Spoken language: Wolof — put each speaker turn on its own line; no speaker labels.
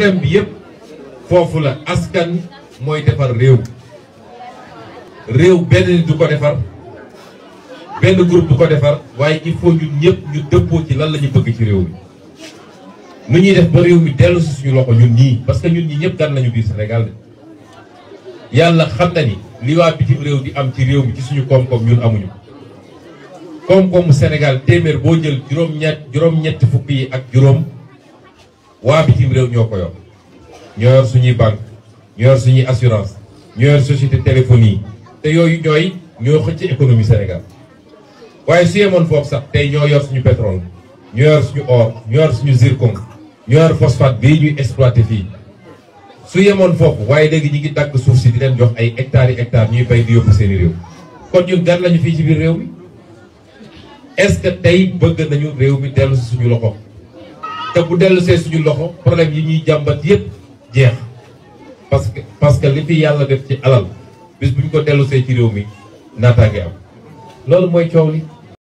problème bi yépp fofu la askan moy défar réew réew bénn du ko défar bénn groupe du ko défar waye il faut ñun ñëpp ñu déppo ci lan la bëgg ci réew mi nu ñuy def ba réew mi dellu ci suñu loxo ñun ñi parce que ñun ñi ñëpp gan nañu bi Sénégal yalla xam na ni li wa biti réew di am ci réew mi ci suñu kom kom ñun amuñu kom kom Sénégal téeméer bo jël juroom ñet juroom ñet fukki ak juroom wa bitim rew ñoko yor ñor suñu bank ñor suñu assurance ñor société téléphonie té yoyu ñooy ñoo xëcc économie Sénégal waye su yemoon foofu sax té ñoo yor suñu pétrole ñoo yor suñu or ñoo yor suñu zircon ñoo yor phosphate bi ñuy exploiter fi su yemon foofu waye léegi ñi ngi dag suuf ci di len jox ay hectares yi hectares ñuy bay di yop seen rew kon ñun gan lañu fi ci bir rew mi est-ce que tay bëgg nañu rew mi delu suñu loxo te bu dellu see suñu loxo problème yi ñuy jambat yépp jeex parce que parce que li fi yalla def ci alal bis buñ ko dellu see ci réew mi naataange am loolu moy coow li